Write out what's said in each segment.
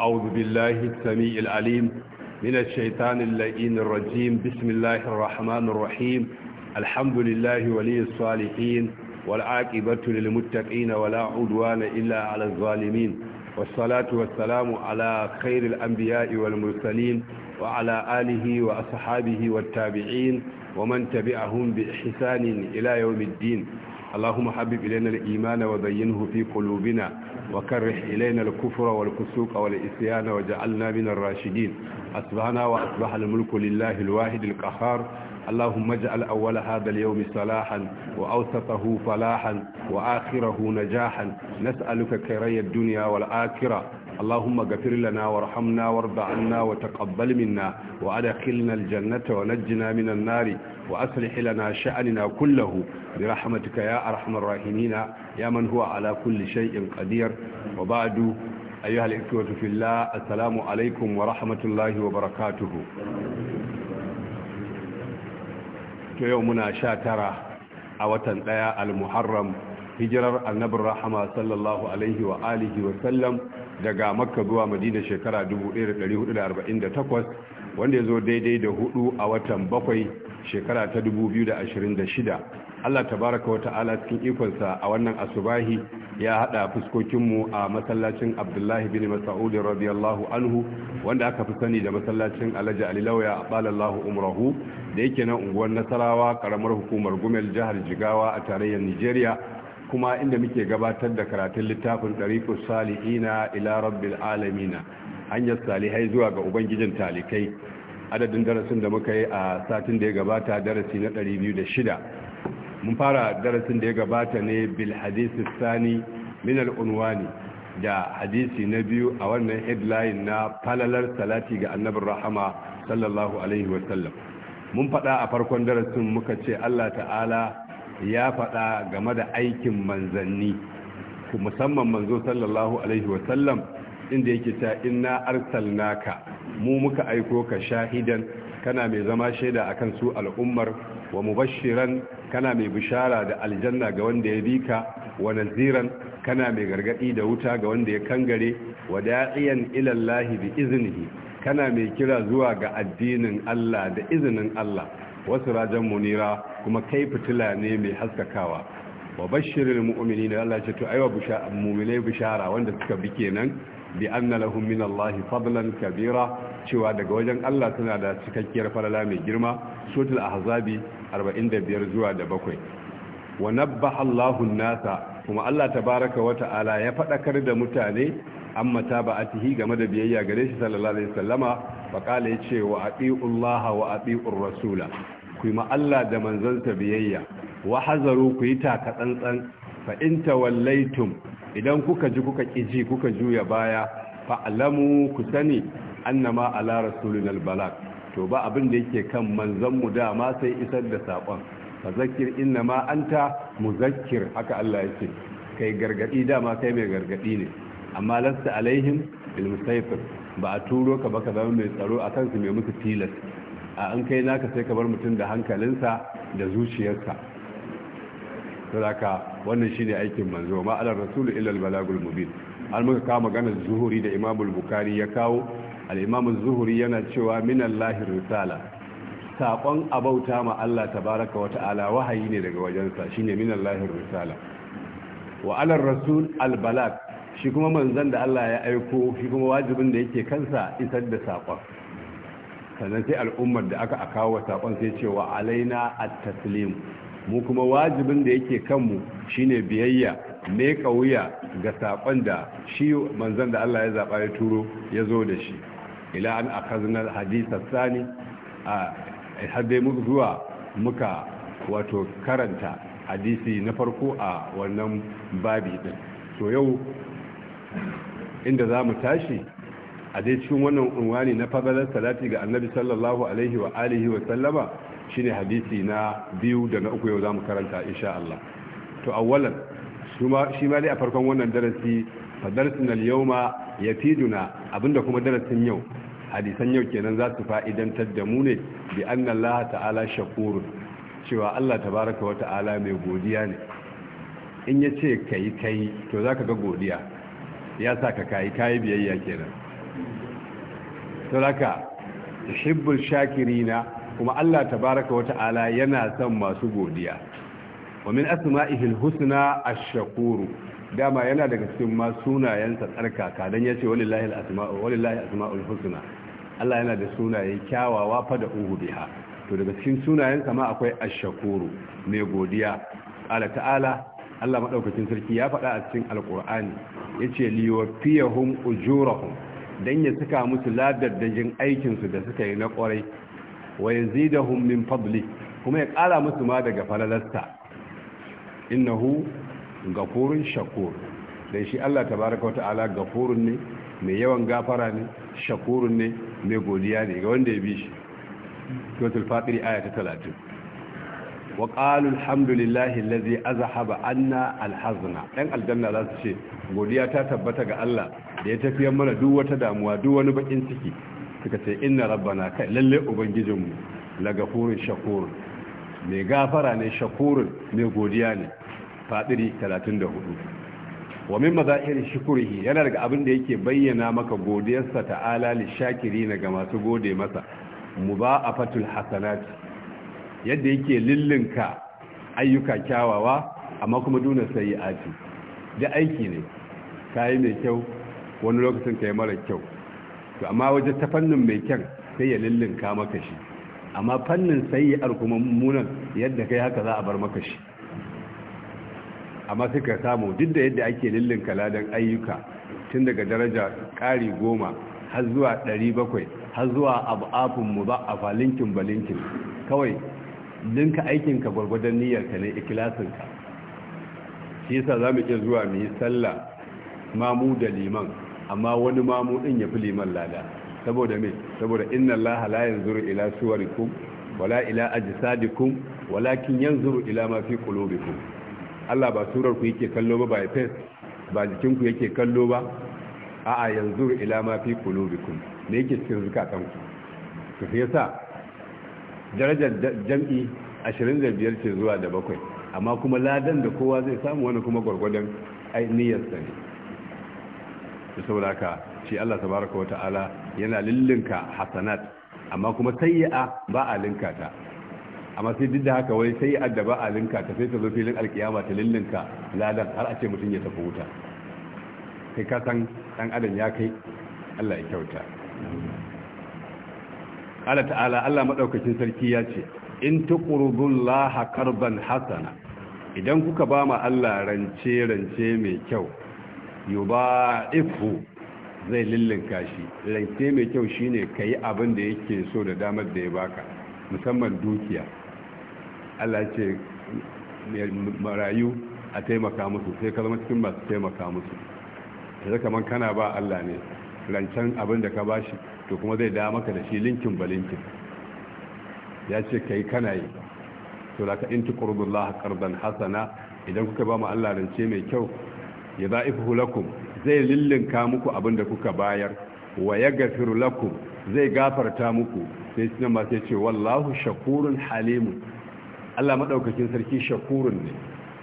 أعوذ بالله السميع العليم من الشيطان اللئين الرجيم بسم الله الرحمن الرحيم الحمد لله ولي الصالحين والعاقبة للمتقين ولا عدوان إلا على الظالمين والصلاة والسلام على خير الأنبياء والمرسلين وعلى آله وأصحابه والتابعين ومن تبعهم بإحسان إلى يوم الدين اللهم حبب إلينا الإيمان وبينه في قلوبنا وكره إلينا الكفر والفسوق والإسيان وجعلنا من الراشدين أصبحنا وأصبح الملك لله الواحد القهار اللهم اجعل أول هذا اليوم صلاحا وأوسطه فلاحا وآخره نجاحا نسألك كري الدنيا والآخرة اللهم اغفر لنا وارحمنا وارض عنا وتقبل منا وادخلنا الجنة ونجنا من النار وأصلح لنا شأننا كله برحمتك يا أرحم الراحمين يا من هو على كل شيء قدير وبعد أيها الإخوة في الله السلام عليكم ورحمة الله وبركاته يومنا شاترة أوتن ليا المحرم hijirar annabin rahama sallallahu alaihi wa alihi wa sallam daga makka zuwa madina shekara 1448 wanda ya zo daidai da hudu a watan bakwai shekara ta 2026 allah tabaraka wata'ala cikin ikonsa a wannan asubahi ya hada fuskokinmu a masallacin abdullahi bin mas'ud radiyallahu anhu wanda aka fi sani da masallacin alhaji ali lauya a balallahu umrahu da yake na unguwar nasarawa karamar hukumar gumel jihar jigawa a tarayyar nigeria kuma inda muke gabatar da karatun littafin ɗariƙus salihina ila rabbil alamina hanyar salihai zuwa ga ubangijin talikai adadin darasin da muka yi a satin da ya gabata darasi na 206 mun fara darasin da ya gabata ne bil hadisi sani min al'unwani da hadisi na biyu a wannan headline na falalar salati ga annabin rahama sallallahu alaihi wasallam mun faɗa a farkon darasin muka ce allah ta'ala ya faɗa game da aikin manzanni musamman manzo sallallahu alaihi wasallam inda yake ta inna arsalnaka mu muka aiko ka shahidan kana mai zama shaida akan su al'ummar wa mubashiran kana mai bishara da aljanna ga wanda ya bi ka wa naziran kana mai gargadi da wuta ga wanda ya kangare wa da'iyan ila Allah bi iznihi kana mai kira zuwa ga addinin Allah da izinin Allah wasu rajan munira kuma kai fitila ne mai haskakawa wa bashirin mu'mini da Allah ce to aiwa mu'minai bishara wanda suka bi kenan bi anna lahum min Allah fadlan kabira cewa daga wajen Allah suna da cikakkiyar falala mai girma sutul ahzabi 45 zuwa da bakwai. wa nabbaha Allahu nasa kuma Allah tabaraka wata ala ya faɗakar da mutane amma taba'atihi game da biyayya gare shi sallallahu alaihi wasallama faƙala ya ce wa Laha, wa aɗi'ur rasula ku yi Allah da manzansa biyayya wa hazaru ku yi taka tsantsan fa'inta wallaitun. idan kuka ji kuka ƙiji kuka juya baya fa'alamu ku sani annama ala rasulun albalak to ba abin da yake kan manzanmu dama sai isar da saƙon fa zakir innama anta muzakkir haka Allah ce, kai gargadi dama kai mai gargaɗi ne amma lasta alaihim bil ba a turo ka ba ka zama mai tsaro a kansu mai musu tilas a an kai naka sai ka bar mutum da hankalinsa da zuciyarsa saboda wannan shine aikin manzo ma alar rasul illa balagul mubin an muka kawo maganar zuhuri da imam bukari ya kawo al zuhuri yana cewa min allahi risala sakon abauta ma Allah ta baraka wa ta'ala wahayi ne daga wajensa shine min allahi risala wa alar rasul al-balag shi kuma manzan da Allah ya aiko shi kuma wajibin da yake kansa isar da saƙon sannan sai al'ummar da aka akawo saƙon sai cewa alaina a taslim mu kuma wajibin da yake kanmu shine biyayya ne kauya ga saƙon da shi manzan da Allah ya zaɓa ya turo ya zo da shi ila an akhazna al Sani a hadde zuwa muka wato karanta hadisi na farko a wannan babi din to yau inda za mu tashi a dai cikin wannan unwani na fadalar salati ga annabi sallallahu alaihi wa alihi wa sallama shine hadisi na biyu da na uku yau za mu karanta insha Allah to awwalan shi ma dai a farkon wannan darasi fadarsin al-yawma yafiduna abinda kuma darasin yau hadisan yau kenan za su fa'idantar da mu ne bi anna Allah ta'ala shakurun cewa Allah tabaraka wa ta'ala mai godiya ne in yace kai kai to zaka ga godiya ya sa ka kayi kayi biyayya kenan saboda shibbul shakirina kuma Allah tabaraka wa ta'ala yana son masu godiya wa min asma'ihi alhusna ash-shakur dama yana daga cikin ma sunayensa tsarkaka dan yace wallahi alasma'u asmau asmaul husna Allah yana da sunaye kyawawa fa da uhu biha to daga cikin sunayensa ma akwai ash-shakur mai godiya Allah ta'ala Allah madaukakin sarki ya faɗa a cikin alqur'ani yace liwafiyahum ujurahum dan ya saka musu ladaddajin aikin su da suka yi na kwarai wa yazidahum min fadli kuma ya ƙara musu ma daga falalasta innahu gafurun shakur dan shi Allah tabaaraka wa ta'ala gafurun ne mai yawan gafara ne shakurun ne mai godiya ne ga wanda ya bi shi suratul fatir aya ta talatin. wa qalu alhamdulillahi allazi azhaba anna alhazna dan aljanna za su ce godiya ta tabbata ga Allah da ya tafiyar mana duk wata damuwa duk wani bakin ciki suka ce inna rabbana kai lalle ubangijinmu la gafurun shakur mai gafara ne shakurun mai godiya ne fadiri 34 wa min mazahir shukrihi yana daga abin da yake bayyana maka godiyarsa ta'ala lishakirina ga masu gode masa fatul hasanati yadda yake lillinka ayyuka kyawawa amma kuma duna sai aci da aiki ne kayi mai kyau wani lokacin ka yi mara kyau to amma waje ta fannin mai kyan sai ya lillinka maka shi amma fannin yi kuma mummunan yadda kai haka za a bar maka shi amma suka samu duk da yadda ake lillinka ladan ayyuka tun daga daraja ƙari goma har zuwa ɗari bakwai har zuwa abu afin mu ba a falinkin balinkin kawai ninka aikinka gwargwadon niyyarka ne ikilasinka shi yasa za mu iya zuwa mu yi sallah mamu da liman amma wani mamu din ya fi liman lada saboda me saboda inna allaha la yanzuru ila suwarikum wala ila ajsadikum walakin yanzuru ila ma fi qulubikum Allah ba surar ku yake kallo ba by face ba jikin ku yake kallo ba a'a yanzuru ila ma fi qulubikum ne yake cikin zakatan ku to yasa darajar jam'i 25 ce zuwa da bakwai amma kuma ladan da kowa zai samu wani kuma gwargwadon niyyarsa sani da sauraka shi Allah tabaraka wa ta'ala yana lillinka hasanat amma kuma sayi'a ba a linka amma sai duk da haka wai sayi'a da ba a linka ta sai ta zo filin alkiyama ta lillinka ladan har a ce mutum ya tafi wuta kai kasan san dan adam ya kai Allah ya kyauta qala ta'ala Allah maɗaukacin sarki ya ce in tuqrudullaha karban hasana idan kuka ba ma Allah rance rance mai kyau yubaifu zai lillinka shi rance mai kyau shine kai abin da yake so da damar da ya baka musamman dukiya Allah ce marayu a taimaka musu sai kalmar cikin masu taimaka musu da kamar kana ba Allah ne rancen abin da ka bashi to kuma zai da maka da shi linkin ba linkin ya ce kai kana yi to da ka in tuqrudullah ƙarɓar hasana idan kuka ba mu Allah rance mai kyau ya za'ifu lakum zai lillinka muku abin da kuka bayar wa gafiru lakum zai gafarta muku sai sunan masu sai ce wallahu shakurun Halimu. Allah maɗaukacin sarki shakurun ne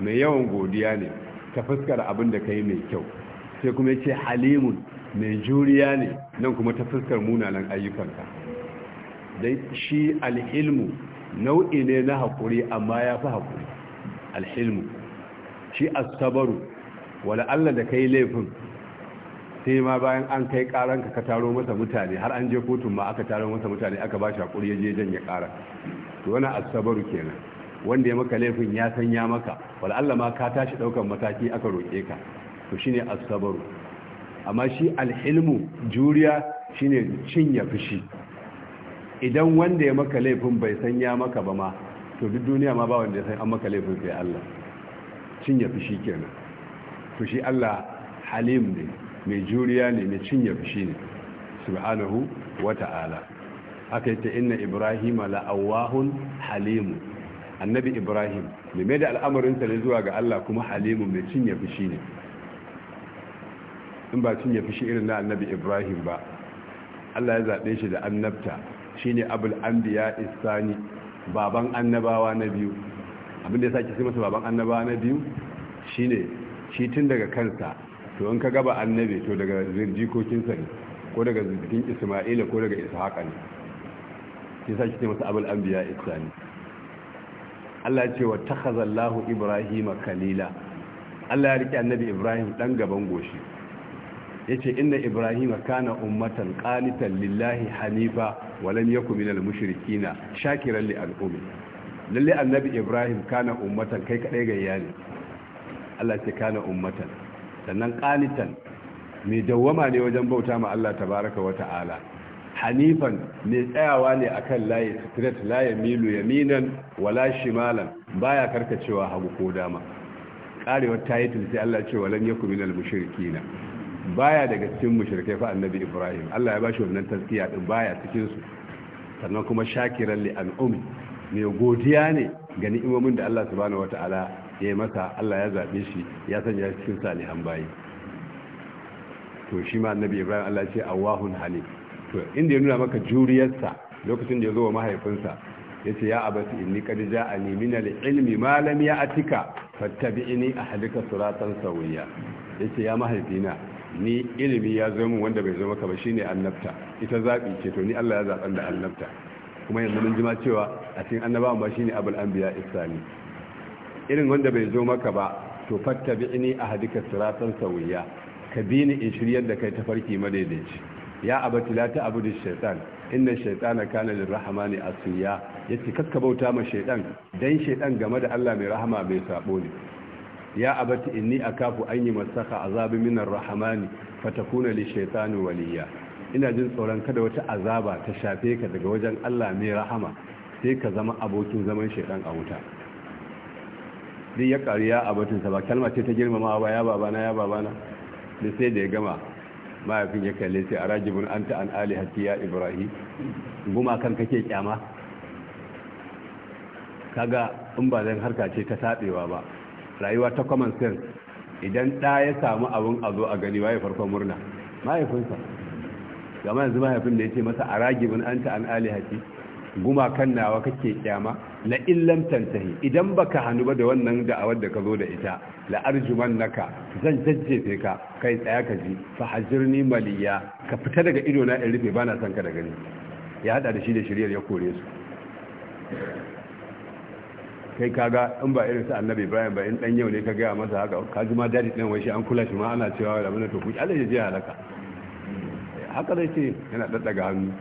mai yawan godiya ne ta fuskar abin da ka yi mai kyau sai kuma ya ce halimun mai juriya ne nan kuma ta fuskar munanan ayyukanka dai shi alhilmu nau'i ne na haƙuri amma ya fi haƙuri alhilmu shi asabaru wala Allah da kai laifin sai ma bayan an kai ƙaranka ka taro masa mutane har an je kotun ma aka taro masa mutane aka ba shi haƙuri ya je janye ƙara to wani asabaru kenan wanda ya maka laifin ya san ya maka wala Allah ma ka tashi ɗaukar mataki aka roƙe ka to shine asabaru amma shi alhilmu juriya shine cinye fushi idan wanda ya maka laifin bai san ya maka ba ma to duk duniya ma ba wanda ya san an maka laifin sai Allah cinye fushi kenan to shi Allah halim ne mai juriya ne mai cinye fushi ne subhanahu wata'ala aka yi ta inna ibrahim la'awahun halimu annabi ibrahim mai da al'amarinsa ne zuwa ga Allah kuma halimu mai cinye fushi ne in ba cin ya fi shi irin na annabi ibrahim ba allah ya zaɓe shi da annabta shi ne abul anbiya isani baban annabawa na biyu abinda ya sake sai masa baban annabawa na biyu shi ne shi tun daga kansa to in ka gaba annabi to daga jikokinsa ne ko daga jikin isma'ila ko daga haƙa ne ya sake sai masa abul anbiya isani Allah ya ce wa khazallahu ibrahim kalila Allah ya rike annabi ibrahim dan gaban goshi Ya ce inda ibrahima kana ummatan kanitan lillahi hanifa wa lam yakun minal mushrikina shakiran li al'ummi lalle annabi ibrahim kana ummatan kai kadai gayya ne Allah ce kana ummatan sannan kanitan mai dawwama ne wajen bauta ma Allah tabaraka wa ta'ala hanifan mai tsayawa ne akan layi straight la yamilu yaminan wala shimalan baya karkacewa hagu ko dama karewar tayitin sai Allah ce walam yakun minal mushrikina baya daga cikin mushrikai fa annabi ibrahim Allah ya bashi wannan taskiya din baya cikin su sannan kuma shakiran li al'umi mai godiya ne ga ni'imomin da Allah subhanahu wata'ala ya yi masa Allah ya zabe shi ya sanya shi cikin salihan bayi to shi ma annabi ibrahim Allah ya ce awahun halim to inda ya nuna maka juriyarsa lokacin da ya zo wa mahaifinsa ya ce ya abasi inni kad ja'ani min al-ilmi ma lam a fattabi'ni ahdika siratan sawiya yace ya mahaifina ni ilimi ya zama wanda bai zama maka ba shine annabta ita zabi ce to ni Allah ya zaban da annabta kuma yanzu mun jima cewa a cikin annaba ba shine abul anbiya isani irin wanda bai zo maka ba to fattabi'ni ahadika siratan sawiya ka bi ni in shiryar da kai tafarki madaidaici ya abati la ta'budu shaytan inna shaytana kana lirrahmani asiya yace ka bauta ma shaytan dan shaytan game da Allah mai rahama mai saɓo ne ya abati inni akafu an yi masaka azabi minar rahamani fatakuna li shaitani waliya ina jin tsoron kada wata azaba ta shafe ka daga wajen Allah mai rahama sai ka zama abokin zaman shaitan a wuta duk ya ƙari ya sa ba kalma ce ta girmama ba ya babana ya babana da sai da ya gama mahaifin ya kalle sai a rajibin an ta an ali haki ya ibrahim guma kan kake kyama kaga in ba zan harka ce ta taɓewa ba rayuwa ta common sense idan ɗa ya samu abin a zo a gani waye farkon murna mahaifinsa gama yanzu mahaifin da ya ce masa a ragibin an ta an alihati gumakan nawa kake kyama la illam tantahi idan baka hannu ba da wannan da'awar da ka zo da ita la arjuman naka zan jajjefe ka kai tsaya ka ji fa hajirni maliya ka fita daga ido na in rufe bana son ka da gani ya hada da shi da shiryar ya kore su kai kaga in ba irin su annabi ibrahim ba in dan yau ne ka gaya masa haka ka ji ma dadi dan wai shi an kula shi ma ana cewa da mana to ku Allah ya ji halaka haka dai ce yana daddaga hannu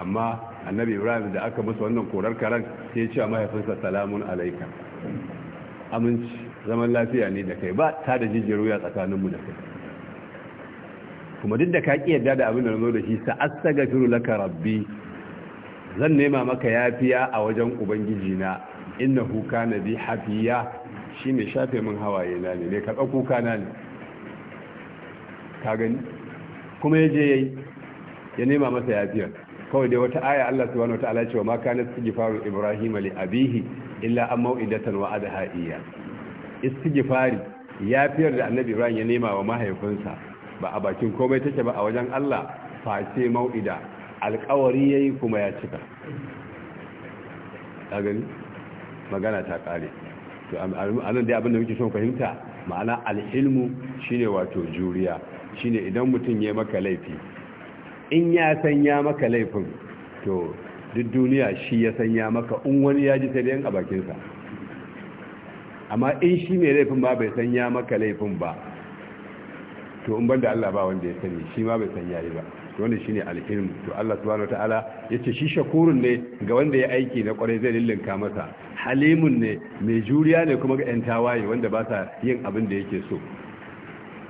amma annabi ibrahim da aka musu wannan korar karan sai ya ce wa mahaifinsa salamun alaika aminci zaman lafiya ne da kai ba ta da jijiyar wuya tsakaninmu da kai kuma duk da ka ƙi yadda da abin da zo da shi sa'asta gafiru laka rabbi zan nema maka yafiya a wajen ubangiji na innahu kana bi hafiya shi ne shafe min hawaye na ne mai karɓa kuka na ne ka gani kuma ya je yayi ya nema masa yafiyar kawai dai wata aya Allah subhanahu wa ta'ala ce wa ma kana istighfaru ibrahim li abihi illa an mau'idatan adha iya istighfari yafiyar da annabi ibrahim ya nema wa mahaifinsa ba a bakin komai take ba a wajen Allah face mau'ida alkawari ya yi kuma ya cika ta gani magana ta kare to nan dai abinda muke son fahimta ma'ana alhilmu shine wato juriya shine idan mutum ya maka laifi in ya sanya maka laifin to duk duniya shi ya sanya maka in wani ya ji sai a bakinsa amma in shi mai laifin ba bai sanya maka laifin ba to in banda Allah ba wanda ya sani shi ma bai sanya ba to wannan shine alhilm to Allah subhanahu wataala yace shi shakurun ne ga wanda ya aiki na kwarai zai lillinka masa halimun ne mai juriya ne kuma ga yan tawaye wanda ba sa yin abin da yake so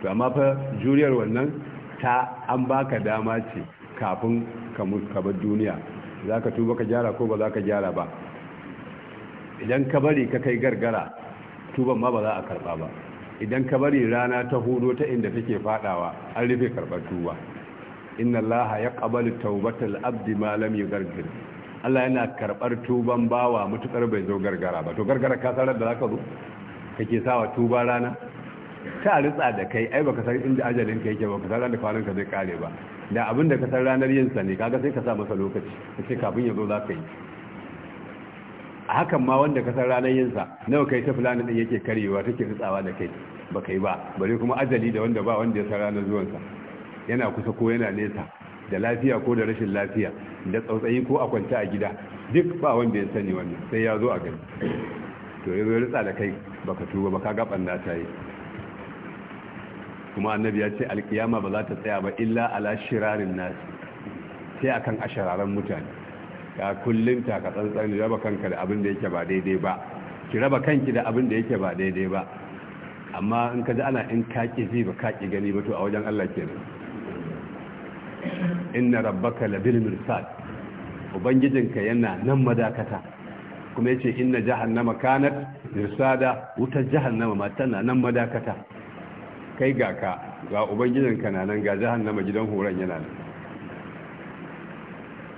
to amma fa juriyar wannan ta an baka dama ce kafin ka mutu ka bar duniya zaka tuba ka gyara ko ba zaka gyara ba idan ka bari ka kai gargara tuban ma ba za a karba ba idan ka bari rana ta hudo ta inda take fadawa an rufe karbar tuba inna allaha yaqbalu ta'ubatar abdi ma lam yugargir Allah yana karbar tuban bawa mutukar bai zo gargara ba to gargara ka sarar da zaka zo kake sawa tuba rana ta ritsa da kai ai baka san inda ajalin ka yake Ka san da kwanan ka zai kare ba da abin da ka san ranar yin sa ne kaga sai ka sa masa lokaci kace kafin ya zo zaka yi a hakan ma wanda ka san ranar yin sa nawa kai ta fulani din yake karewa take ritsawa da kai baka yi ba bare kuma ajali da wanda ba wanda ya san ranar zuwan sa yana kusa ko yana nesa da lafiya ko da rashin lafiya da tsautsayi ko a kwanta a gida duk ba wanda ya sani wannan sai ya zo a gani to ya zo ritsa da kai baka tuba baka gaban na ta yi kuma annabi ya ce alkiyama ba za ta tsaya ba illa ala shirarin nasi sai akan ashararan mutane ka kullum ka tsantsan raba kanka da abin da yake ba daidai ba ki raba kanki da abin da yake ba daidai ba amma in ka ji ana in kaki ji ba kaki gani ba to a wajen Allah kenan inna rabbaka labil mirsad ubangijinka yana nan madakata kuma yace inna jahannama kanat mirsada wuta jahannama ma tana nan madakata kai ga ka ga ubangijinka na nan ga jahannama gidan horon yana nan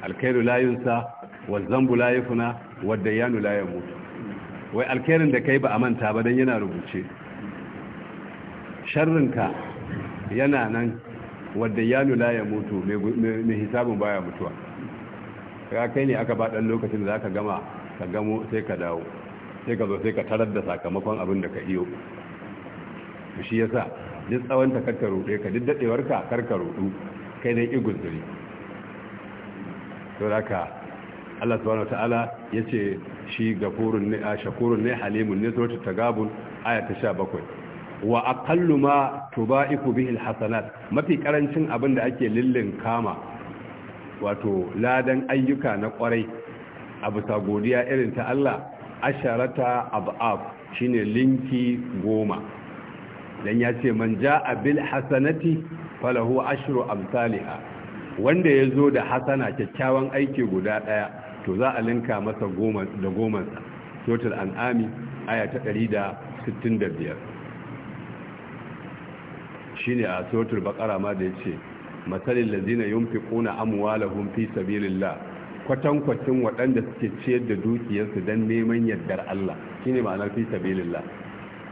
alkhairu la yunsa wal zambu la yafna wad dayanu la yamut wai alkhairin da kai ba a manta ba dan yana rubuce sharrinka yana nan wadda ya nula ya mutu mai hisabin baya mutuwa ka kai ne aka ba ɗan lokacin da za ka gama ka gamo sai ka dawo sai ka zo sai ka tarar da sakamakon abin da ka iyo shi ya sa duk tsawon ta karka ruɗe ka duk daɗewar ka karka ruɗu kai ne igun zuri sau da ka Allah subhanahu ya ce shi gafurun ne a shakurun ne halimun ne ta tagabun aya ta sha bakwai. wa aqallu ma tubaiku bihi alhasanat mafi karancin abin da ake lillin kama wato ladan ayyuka na kwarai a bisa godiya irin ta Allah asharata ab'ab shine linki goma dan ya ce man jaa bil hasanati falahu ashru amsalha wanda yazo da hasana kyakkyawan aiki guda daya to za a linka masa goma da goma sa total an'ami aya ta 165 shine a suratul baqara ma da yace matalil ladina yunfiquna amwalahum fi sabilillah kwatankwacin waɗanda suke ciyar da dukiyarsu don neman yardar Allah shine ma'anar fi sabilillah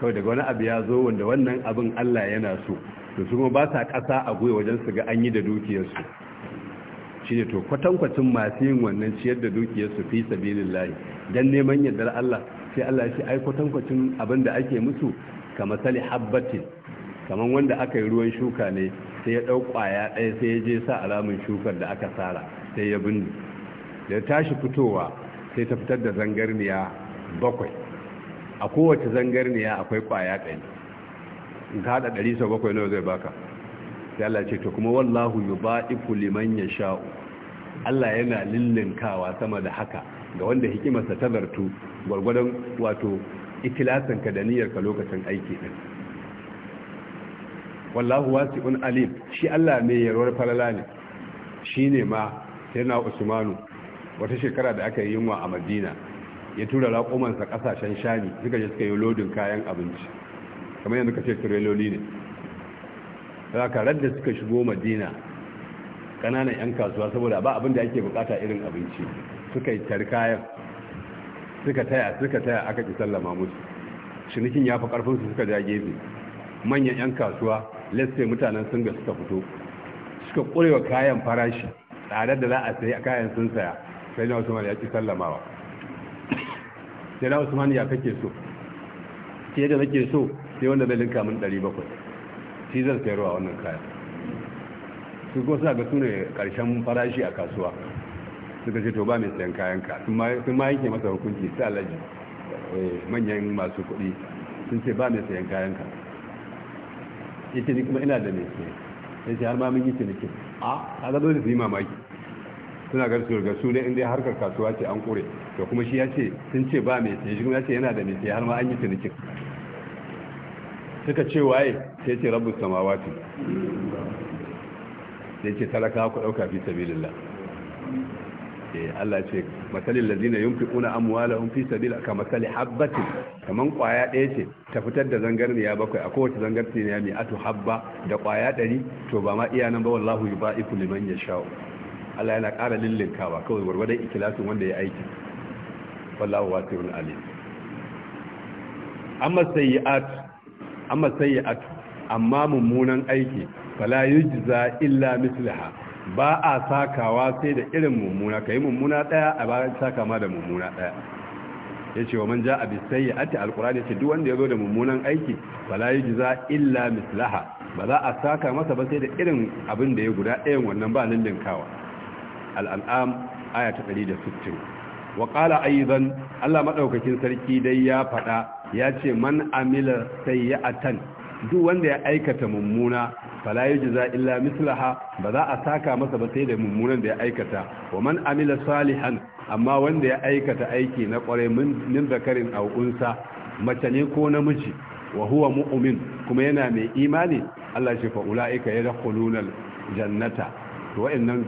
kawai daga wani abu ya zo wanda wannan abin Allah yana so to su kuma ba sa ƙasa a gwiwa wajen su ga an yi da dukiyarsu shine to kwatankwacin masu yin wannan ciyar da dukiyarsu fi sabilillah don neman yaddar Allah sai Allah ya ce ai kwatankwacin abin da ake musu ka masali habbatin kamar wanda aka yi ruwan shuka ne sai ya ɗau ƙwaya ɗaya sai ya je sa alamun shukar da aka tsara sai ya bindi da tashi fitowa sai ta fitar da zangarniya bakwai a kowace zangarniya akwai ƙwaya ɗaya in ka haɗa ɗari sau bakwai nawa zai baka sai Allah ce to kuma wallahu yubaiku liman sha'u. Allah yana lillinkawa sama da haka ga wanda hikimarsa ta zartu gwargwadon wato ikilasanka da niyyarka lokacin aiki ɗin wallahu wasi'un alim shi Allah mai yarwar falala ne shine ma sayyidina Usmanu wata shekara da aka yi yunwa a Madina ya tura raƙumansa ƙasashen shani suka je suka yi lodin kayan abinci kamar yanzu kace tireloli ne karar radda suka shigo Madina kananan yan kasuwa saboda ba abin da ake bukata irin abinci suka yi tarkayan suka taya suka taya aka ki sallama musu shinikin ya fi karfin suka ja gefe manyan 'yan kasuwa lesse mutanen sun ga suka fito suka kurewa kayan farashi tsadar da za a sayi a kayan sun saya sai na usman ya ci sallamawa sai na usman ya kake so ke da nake so sai wanda zai linka min 700 shi zan sayarwa wannan kayan su ko sa ga su ne karshen farashi a kasuwa suka ce to ba mai sayan kayan ka sun ma yake masa hukunci sai alaji eh, manyan masu kuɗi sun ce ba mai sayan kayan ka yace ni kuma ina da mai Ya ce, har ma mun yi ciniki a kaga dole su yi mamaki suna ga su ga su ne inda harkar kasuwa ce an kure to kuma shi ya ce sun ce ba me sai shi kuma ya ce yana da mai sai har ma an yi cinikin suka ce waye sai ce rabbus samawati sai ce talaka ku dauka fi sabilillah ke Allah ce masalin lazina yin fi kuna amuwala fi sabila ka masali habbati kamar kwaya ɗaya ce ta fitar da ya bakwai a kowace ne ya mai atu habba da kwaya ɗari to ba ma iya nan ba wallahu yi ba iku liman ya sha'o Allah yana ƙara lillinkawa kawai gwargwadon ikilasin wanda ya aiki wallahu wasi'un alim amma sayyi'at amma sayyi'at amma mummunan aiki fala yujza illa mislaha ba a sakawa sai da irin mummuna kai mummuna daya a bayan saka ma da mummuna daya yace wa man jaa ya sayyi'ati alqur'ani yace duk wanda yazo da mummunan aiki fala yujza illa mislaha ba za a saka masa ba sai da irin abin da ya guda ɗayan wannan ba nan dinkawa al'an'am aya ta 160 wa qala aidan Allah maɗaukakin sarki dai ya fada yace man amila sayyi'atan duk wanda ya aikata mummuna fala yujza illa mislaha ba za a saka masa ba sai da mummunan da ya aikata wa man amila salihan amma wanda ya aikata aiki na kwarai min zakarin aw unsa mace ne ko namiji wa huwa mu'min kuma yana mai imani Allah shi fa ulaika yadkhuluna jannata to wa'annan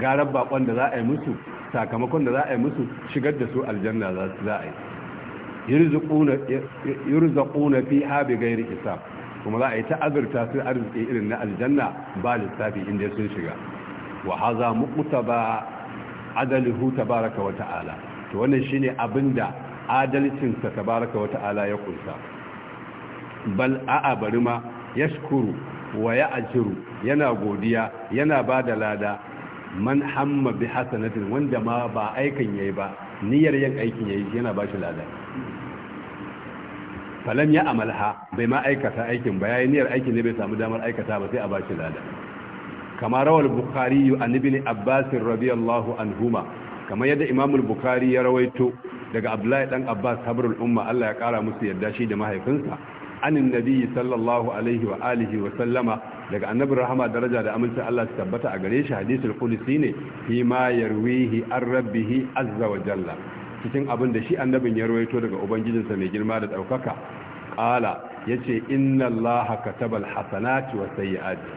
garabba bakon da za a yi musu sakamakon da za a yi musu shigar da su aljanna za a yi yurzaquna fiha bighairi hisab kuma za a yi ta azurta su arziki irin na aljanna ba lissafi inda sun shiga wa haza muqtaba adalihu tabaraka wa ta'ala to wannan shine abinda adalcin sa tabaraka wa ta'ala ya kunsa bal a'a bari ma yashkuru wa ya'jiru yana godiya yana bada lada man hamma bi hasanatin wanda ma ba aikin yayi ba niyyar yin aikin yayi yana bashi shi lada falam ya amalha bai ma aikata aikin ba yayin niyyar aikin ne bai samu damar aikata ba sai a bashi lada kama rawal bukhari an ibn abbas radiyallahu anhuma kama yadda imam al-bukhari ya rawaito daga abdullahi dan abbas sabrul umma Allah ya kara musu yadda shi da mahaifinsa anin nabiyyi sallallahu alaihi wa alihi wa sallama daga annabi rahama daraja da amincin Allah su tabbata a gare shi hadithul qudsi ne fi ma yarwihi ar rabbihi azza wa jalla cikin abin da shi annabin ya rawaito daga ubangijinsa mai girma da ɗaukaka ƙala ya ce inna allaha katabal hasanati wa sayyi'ati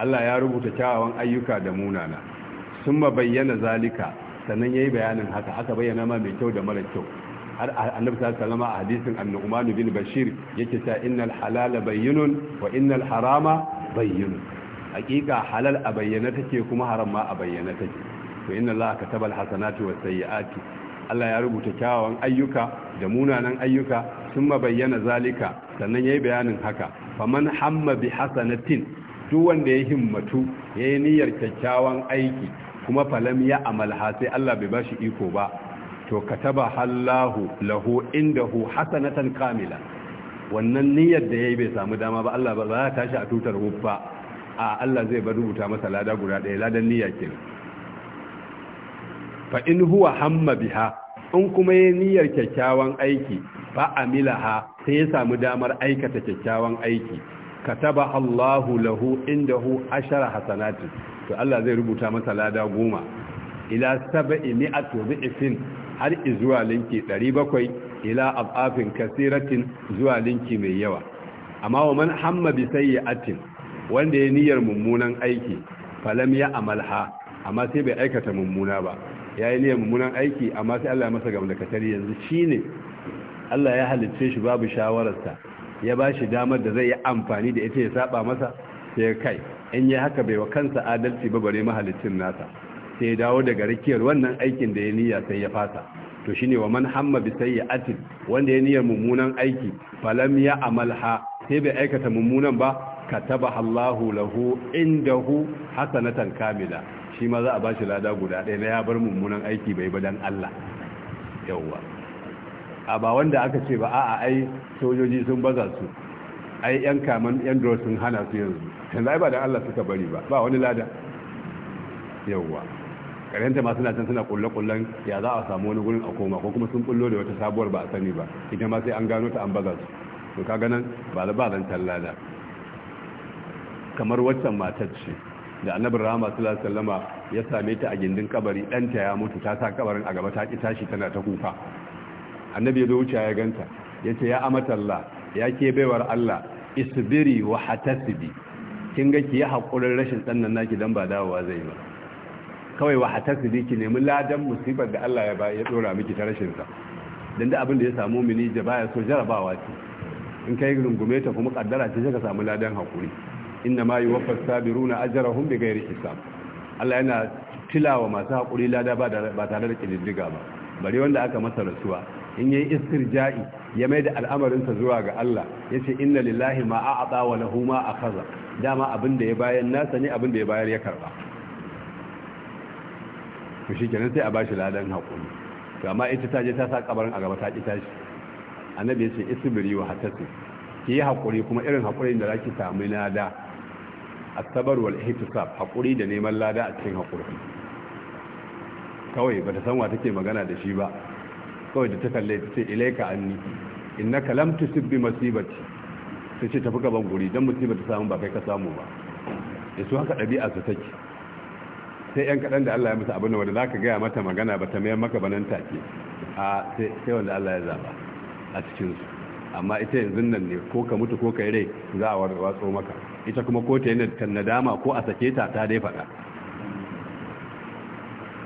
Allah ya rubuta kyawawan ayyuka da munana sun ma bayyana zalika sannan yayi bayanin haka aka bayyana ma mai kyau da mara kyau har annabi sallallahu a hadisin annu'man bin bashir yake ta innal halala bayyinun wa innal harama bayyinun hakika halal a bayyana take kuma haram ma a bayyana take to inna allaha katabal hasanati was sayyiati Allah ya rubuta kyawawan ayyuka da munanan ayyuka sun bayyana zalika sannan ya yi bayanin haka faman hamma bi hasanatin duk wanda ya himmatu ya yi niyyar kyakkyawan aiki kuma falam ya amalha sai Allah bai bashi iko ba to kataba hallahu lahu indahu hasanatan kamila wannan niyyar da yayi bai samu dama ba Allah ba za ta tashi a tutar huffa a Allah zai bar rubuta masa lada guda ɗaya ladan niyya kenan fa in huwa hamma biha in kuma ya niyyar kyakkyawan aiki fa amilaha sai ya samu damar aikata kyakkyawan aiki kataba Allahu lahu indahu ashara hasanati to Allah zai rubuta masa lada goma ila sab'i mi'ati dhi'fin har zuwa linki 700 ila afafin kasiratin zuwa linki mai yawa amma wa man hamma bi sayyi'atin wanda ya niyyar mummunan aiki falam ya amalha amma sai bai aikata mummuna ba ya yi niyyar mummunan aiki amma sai Allah ya masa gam da katari yanzu shine Allah ya halicce shi babu shawararsa ya ba shi damar da zai yi amfani da ita ya saba masa sai ya kai in yi haka bai wa kansa adalci ba bare mahalicin nasa sai ya dawo daga rikiyar wannan aikin da ya niyya sai ya fasa to shine wa man hamma bi sayyi'atin wanda ya niyyar mummunan aiki falam ya amalha sai bai aikata mummunan ba katabaha Allahu lahu indahu hasanatan kamila shi ma za a ba shi lada guda ɗaya na ya bar mummunan aiki bai ba dan Allah yawwa a ba wanda aka ce ba a'a ai sojoji sun baza su ai yan kaman yan dro sun hana su yanzu yanzu ai ba dan Allah suka bari ba ba wani lada yawwa karyanta ma suna suna kullakullan ya za a samu wani gurin a koma ko kuma sun kullo da wata sabuwar ba a sani ba ita ma sai an gano ta an baza su to ka ganin ba da ba zan tallada kamar waccan matar ce da annabin rahama sallallahu alaihi ya same ta a gindin kabari danta ya mutu ta sa kabarin a gaba ta ki tashi tana ta kuka annabi ya zo wuce ya ganta ya ce ya amatalla ya ke baiwar Allah isbiri wa hatasbi kin ga ki yi haƙurin rashin tsannan naki dan ba dawowa zai ba kawai wa hatasbi ki nemi ladan musibar da Allah ya ba ya dora miki ta rashin sa dan da abin da ya samu mini da baya so jarabawa ce in kai rungume ta kuma kaddara ta ka samu ladan hakuri inna ma yuwaffa sabiruna ajrahum bighairi hisab Allah yana tilawa masu hakuri lada ba ba tare da kididdiga ba bare wanda aka masa rasuwa in yayi istirja'i ya mai da sa zuwa ga Allah yace inna lillahi ma a'ata wa lahu ma akhadha dama abin da ya bayar nasa ne abin da ya bayar ya karba to shikenan sai a bashi ladan hakuri to amma ita ta je ta sa kabarin a gaba ta ki tashi annabi yace isbiri wa hatasi ki yi hakuri kuma irin hakurin da zaki samu lada asabar wal ihtisab hakuri da neman lada a cikin hakuri kawai bata san wa take magana da shi ba kawai da ta kalle ta ce ilaika anni innaka lam tusib bi masibati ta ce tafi gaban guri dan musiba ta samu ba kai ka samu ba da su haka ɗabi'a su take sai yan kaɗan da Allah ya masa abin wanda zaka gaya mata magana ba ta mayar maka ba nan take a sai wanda Allah ya zaba a cikin amma ita yanzu nan ne ko ka mutu ko ka yi rai za a watso maka ita kuma ko ta yi nadama ko a sake ta ta dai faɗa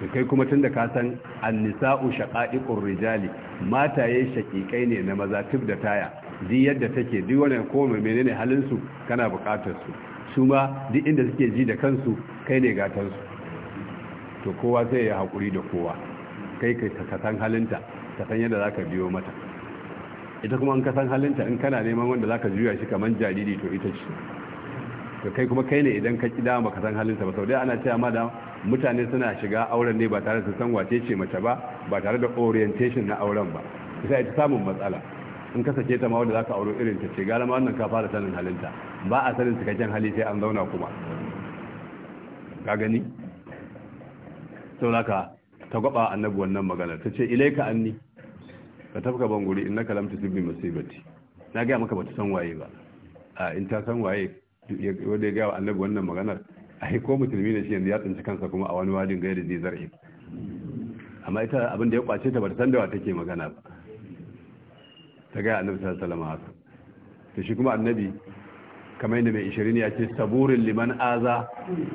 da kai kuma tun da ka san annisa'u shaqa'iqur rijali mataye shaƙiƙai ne na maza tub da taya duk yadda take duk wani ko menene ne halinsu kana buƙatar su su ma duk inda suke ji da kansu kai ne gatansu, to kowa sai ya haƙuri da kowa kai kai ka san halinta ka san yadda za ka biyo mata ita kuma in ka san halinta in kana neman wanda za ka juya shi kamar jariri to ita ce to kai kuma kai ne idan ka kida maka san halinta ba sau ana cewa ma da mutane suna shiga auren ne ba tare da san wace ce mace ba ba tare da orientation na auren ba sai ita samun matsala in ka sake ta ma wanda zaka auro irin ta ce gara ma wannan ka fara sanin halinta ba a sanin cikakken hali sai an zauna kuma ka gani sauraka ta gwaba annabi wannan magana ta ce ilaika anni ka tafka ban guri innaka lam tusibbi musibati na ga maka bata san waye ba a in ta san waye wanda ya gaya wa annabi wannan maganar a ko musulmi ne shi yanzu ya tsinci kansa kuma a wani wadin gairi zai zar'i amma ita abin da ya kwace ta bata san da wa take magana ba ta gaya annabi sallallahu alaihi wasallam to shi kuma annabi kamar yadda mai ishirin ya ce saburin liman aza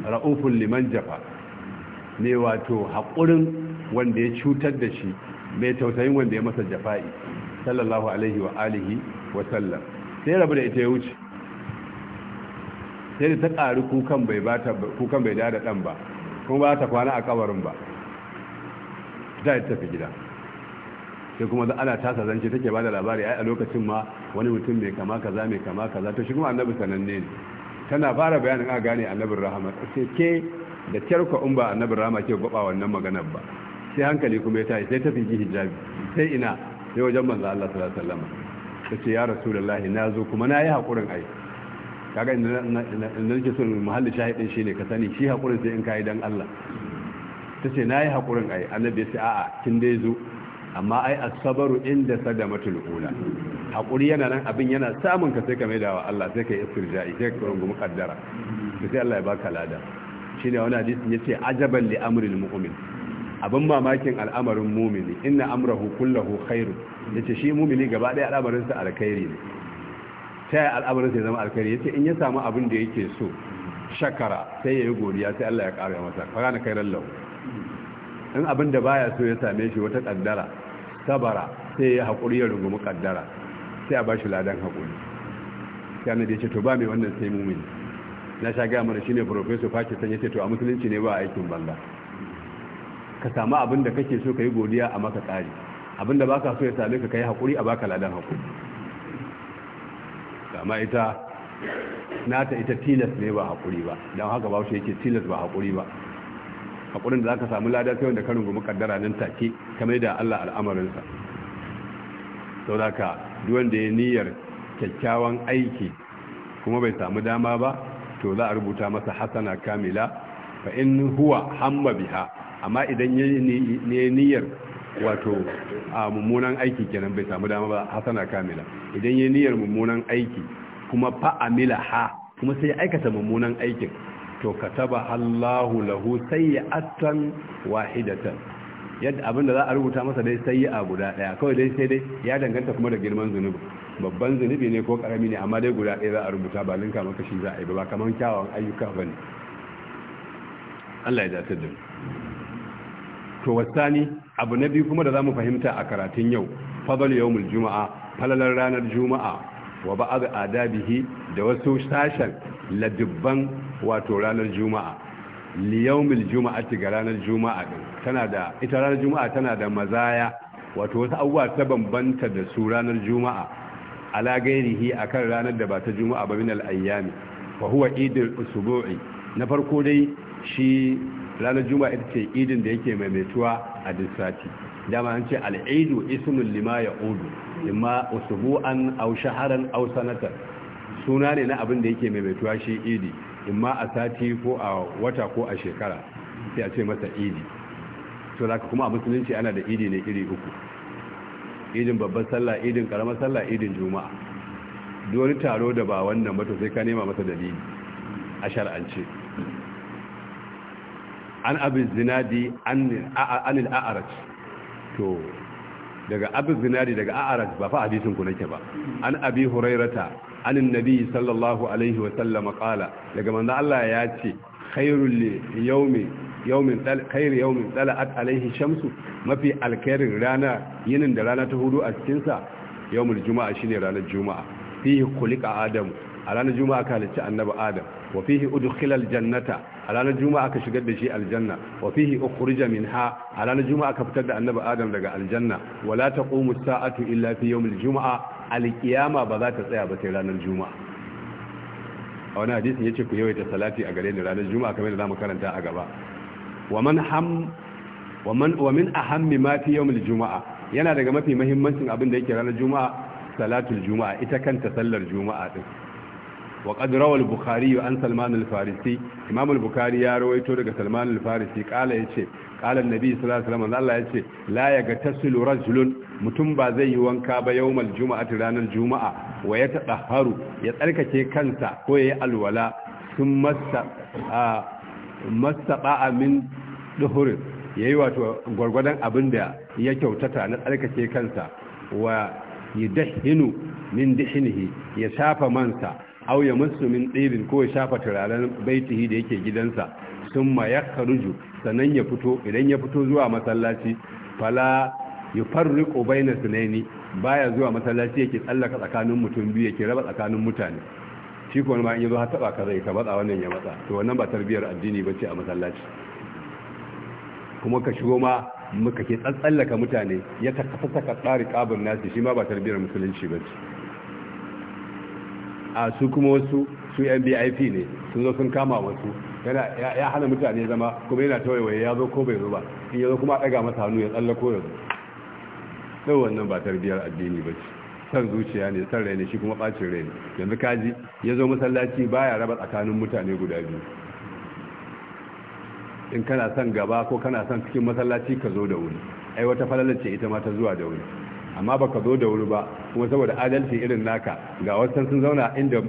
ra'ufun liman jafa ne wato haƙurin wanda ya cutar da shi mai tausayin wanda ya masa jafa'i sallallahu alaihi wa alihi wa sallam sai rabu da ita ya wuce sai da ta ƙari kukan bai bata kukan bai da ɗan ba kuma ba ta kwana a ƙawarin ba za ta tafi gida sai kuma da ana tasa zance take ba da labari ai a lokacin ma wani mutum mai kama kaza mai kama kaza to shi kuma annabi sananne ne tana fara bayanin a gane annabin rahama sai ke da kyarka in ba annabin rahama ke gwaba wannan maganar ba sai hankali kuma ya tashi sai tafi gihi hijabi sai ina sai wajen manzo Allah sallallahu alaihi wasallam tace ya rasulullahi nazo kuma nayi hakurin ai kaga inda nake son muhalli shahidin shi ne ka sani shi haƙurin sai in kayi don Allah ta ce na yi haƙurin ai annabi sai a'a kin dai zo amma ai sabaru inda sadamatul ula haƙuri yana nan abin yana samun ka sai ka maida wa Allah sai ka yi istirja'i sai ka rungu muƙaddara sai Allah ya baka lada shi ne wani hadisi ce ajaban li amrin mu'min abin mamakin al'amarin mumini inna amrahu kullahu khairu ce shi mumini gaba ɗaya al'amarin al'amarinsa alkhairi ne ta yi al'amarin sai zama alkhairi yace in ya samu abin da yake so shakara sai ya yi godiya sai Allah ya ƙara masa fara na kai lau in abin da baya so ya same shi wata ƙaddara sabara sai ya haƙuri ya rungumi ƙaddara sai a ba shi ladan haƙuri sai annabi ya ce to ba mai wannan sai mumini na sha gaya mana shine professor Pakistan yace to a musulunci ne ba aikin banza ka samu abin da kake so ka yi godiya a maka ƙari abin da baka so ya same ka kai haƙuri a baka ladan haƙuri amma ita nata ita tilas ne ba haƙuri ba don haka ba shi yake tilas ba haƙuri ba haƙurin da za ka samu lada sai wanda karin gumi kaddara nan take kamar da Allah al'amarinsa sau da ka duwanda ya niyyar kyakkyawan aiki kuma bai samu dama ba to za a rubuta masa hasana kamila fa in huwa hamma biha amma idan ya niyyar wato a mummunan aiki kenan bai samu dama ba hasana kamila idan ya niyyar mummunan aiki kuma fa'amila ha kuma sai ya aikata mummunan aikin to ka taba Allahu lahu sayyi'atan wahidatan yadda abinda za a rubuta masa dai sai a guda daya kawai dai sai dai ya danganta kuma da girman zunubi babban zunubi ne ko karami ne amma dai guda daya za a rubuta ba linka maka shi za a yi ba kamar kyawawan ayyuka ba ne. Allah ya da mu to wasani abu na biyu kuma da za mu fahimta a karatun yau fadl yawmul juma'a falalar ranar juma'a wa ba'ad adabihi da wasu sashen ladibban wato ranar juma'a li yawmil juma'ati ga ranar juma'a din tana da ita ranar juma'a tana da mazaya wato wasu abubuwa ta bambanta da su ranar juma'a ala gairihi akan ranar da ba ta juma'a ba min al ayyami fa huwa idul usbu'i na farko dai shi ranar juma'a ita ce idin da yake maimaituwa a duk sati dama an ce al'idu ismun lima ya udu imma usbu'an au shaharan Au-sanatar. suna ne na abin da yake maimaituwa shi idi imma a sati ko a wata ko a shekara sai a ce masa idi to zaka kuma a musulunci ana da idi ne iri uku idin babban sallah idin karamar sallah idin juma'a duk wani taro da ba wannan ba to sai ka nema masa dalili a shar'ance an abin zinadi an al'arat to daga abin zinadi daga a'arat ba fa hadisin ku nake ba an abi hurairata anin nabi sallallahu alaihi wa sallam qala daga manzo Allah ya ce khairul yawmi yawmin tal khair yawmin talat alaihi shamsu mafi alkhairin rana yinin da rana ta hudu a cikin sa yawmul juma'a shine ranar juma'a fihi khuliqa adam a ranar juma'a ka annabi adam wa fihi udkhilal jannata. a ranar juma'a aka shigar da shi aljanna wa fihi ukhrija minha a ranar juma'a aka fitar da annabi adam daga aljanna wala taqumu sa'atu illa fi yawmil juma'a alqiyama ba za ta tsaya ba sai ranar juma'a a wani hadisin yace ku yawaita salati a gare ni ranar juma'a kamar da zamu karanta a gaba wa man ham wa man wa min ahammi ma fi yawmil juma'a yana daga mafi muhimmancin abin da yake ranar juma'a salatul juma'a ita kanta sallar juma'a din wa qad rawa al-bukhari an salman al imam al ya rawaito daga salman al-farisi kala yace kala nabi sallallahu alaihi wasallam Allah yace la tasilu rajulun mutum ba zai yi wanka ba yawmal jumu'ati ranar juma'a wa yatadahharu ya tsarkake kansa ko yayi alwala sun masta masta min duhurin ya wato gurgurdan abin da ya kyautata na tsarkake kansa wa yadhinu min dhinhi ya shafa mansa au ya musulmin ɗirin ko ya shafa turaren baitihi da yake gidansa sun ma ya karuju sannan ya fito idan ya fito zuwa masallaci fala ya farri kobai na sunaini baya zuwa masallaci yake tsallaka tsakanin mutum biyu yake raba tsakanin mutane shi ko ma in yi zuwa taba ka zai ka matsa wannan ya matsa to wannan ba tarbiyyar addini ba ce a masallaci kuma ka shigo ma muka ke tsallaka mutane ya takafasa ka tsari ƙabin nasi shi ma ba tarbiyyar musulunci ba ce. a su kuma wasu su yan bip ne sun zo sun kama wasu ya hana mutane zama kuma yana ta tawaye ya zo ko bai zo ba in ya kuma daga masa hannu ya tsallako ya zo sai wannan ba tarbiyar addini ba ce san zuciya ne san rai ne shi kuma bacin rai ne yanzu kaji ya zo masallaci baya raba tsakanin mutane guda biyu in kana son gaba ko kana son cikin masallaci ka zo da wuri ai wata falalar ce ita ma ta zuwa da wuri amma baka zo da wuri ba kuma saboda adalci irin naka ga wasan sun zauna inda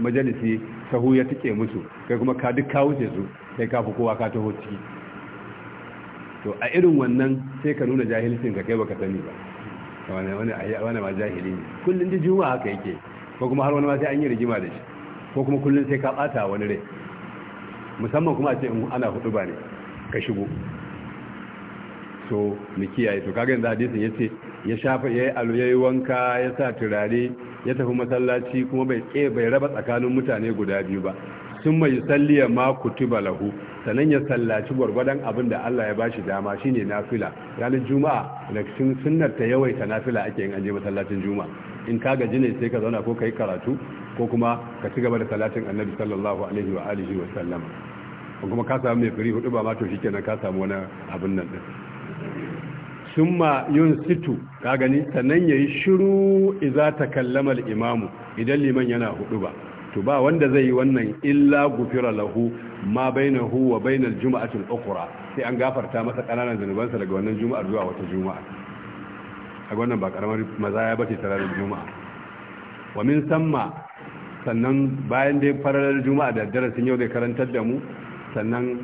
majalisi sahu ya tike musu kai kuma ka duk ka wuce su sai ka fi kowa ka taho ciki to a irin wannan sai ka nuna jahilcin ka kai baka sani ba wani wani wani ma jahili ne kullun da juma'a haka yake ko kuma har wani ma sai an yi rigima da shi ko kuma kullun sai ka bata wani rai musamman kuma a ce ana hudu ba ne ka shigo to mu kiyaye to kaga yanzu hadisin yace ya shafa yayi alo yayi wanka ya sa turare ya tafi masallaci kuma bai ke bai raba tsakanin mutane guda biyu ba sun mai salliya ma kutuba lahu sanan ya sallaci gwargwadon abin da Allah ya bashi dama shine nafila ranar juma'a da cikin sunnar ta yawaita nafila ake yin anje masallacin juma'a in ka gaji ne sai ka zauna ko kai karatu ko kuma ka ci gaba da salatin annabi sallallahu alaihi wa alihi wa sallama kuma ka samu mai firi hudu ba ma to shikenan ka samu wani abin nan din summa yin situ ka gani sannan yayi shiru idza ta al-imamu idan liman yana hudu ba to ba wanda zai yi wannan illa gufira lahu ma bainahu wa bainal juma'atul ukhra sai an gafarta masa kananan zanubansa daga wannan juma'ar zuwa wata juma'a a wannan ba karamar mazaya bace tararar juma'a wa min samma sannan bayan dai fararar juma'a da darasin yau zai karantar da mu sannan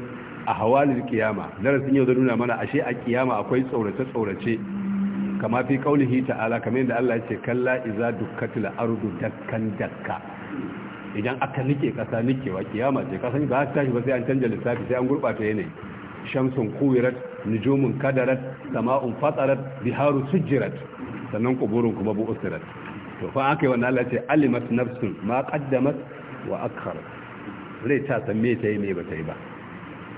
a hawalin kiyama darasin yau da nuna mana ashe a kiyama akwai tsaurace-tsaurace kama fi hita ala kamar yadda Allah ce kalla iza dukkatil ardu dakkan dakka idan aka nike kasa nikewa kiyama ce kasan ba ta tashi ba sai an canja lissafi sai an gurɓata yanayi shamsun kuwirat Nijumin, kadarat sama'un fatsarar. biharu sujjirat sannan kuburin kuma bu usirat to fa aka yi wannan Allah ce alimat nafsun ma kaddamat wa akhar rai ta san me ta yi me ba ta yi ba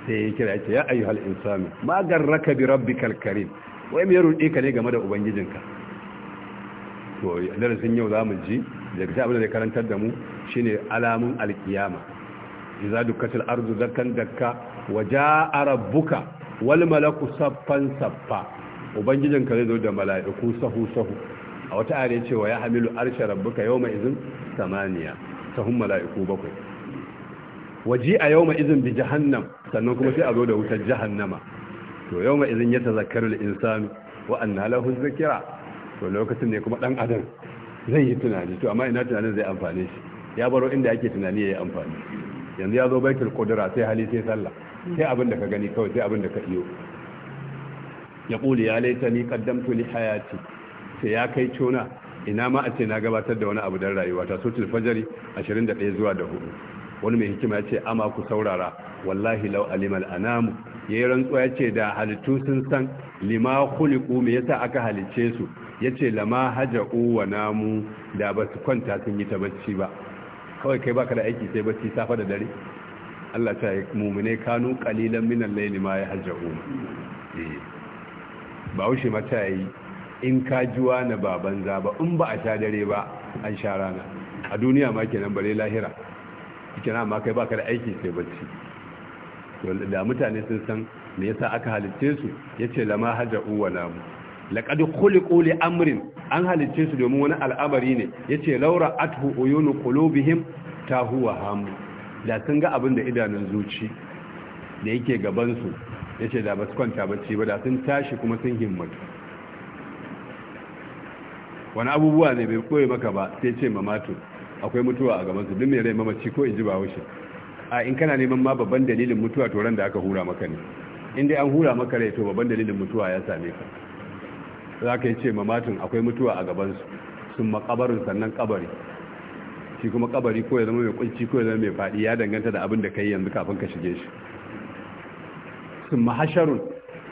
sai ya kira ce ya ayyuhal insani ma garraka bi rabbikal karim wai me rudi ka ne game da ubangijinka to darasin yau zamu ji daga sai abin da karantar da mu shine alamun alkiyama idza dukatil ardu dakkan dakka wa jaa rabbuka wal malaku saffan saffa ubangijinka zai zo da mala'iku sahu sahu a wata ce wa ya hamilu arsha rabbuka yawma idzin samaniya sahun mala'iku bakwai waji a yawma izin bi jahannam sannan kuma sai a zo da wutar jahannama to yawma izin ya tazakkaru al-insanu wa anna lahu dhikra to lokacin ne kuma dan adam zai yi tunani to amma ina tunanin zai amfane shi ya baro inda yake tunani ya yi amfani yanzu ya zo baitul qudra sai hali sai sallah sai abin da ka gani kawai sai abin da ka iyo ya kuli ya laita ni ƙaddamtu li hayati sai ya kai cona ina ma a ce na gabatar da wani abu don rayuwa ta sotul fajari 21 zuwa da hudu wani mai hikima ya ce ama ku saurara wallahi lau alimal anamu ya yi rantsuwa ya ce da halittu sun san lima khuliqu me yasa aka halice su ya ce lama haja'u wa namu da ba su kwanta sun yi ta bacci ba kawai kai baka da aiki sai bacci safa da dare Allah eh. ta yi mumune kanu kalilan minan laili ma ya ba wuce mata yi in ka juwa na baban za ba in ba a sha dare ba an sha rana a duniya ma kenan bare lahira cikin amma kai baka da aiki sai bacci da mutane sun san me yasa aka halicce su yace lama haja uwa mu laqad khuliqu li amrin an halicce su domin wani al'amari ne yace laura athu uyunu qulubihim ta huwa ham da sun ga abin da idanun zuci da yake gaban su yace da basu kwanta bacci ba da sun tashi kuma sun himmatu wani abubuwa ne bai koyi maka ba sai ce mamatu akwai mutuwa a gabansu duk mai rai mamaci ko in ji ba haushe a in kana neman ma babban dalilin mutuwa to ran da aka hura maka ne in dai an hura maka rai to babban dalilin mutuwa ya same ka za ka yi ce mamatin akwai mutuwa a gabansu sun makabarin sannan kabari shi kuma kabari ko ya zama mai kunci ko ya zama mai faɗi ya danganta da abin da ka yi yanzu kafin ka shige shi sun mahasharun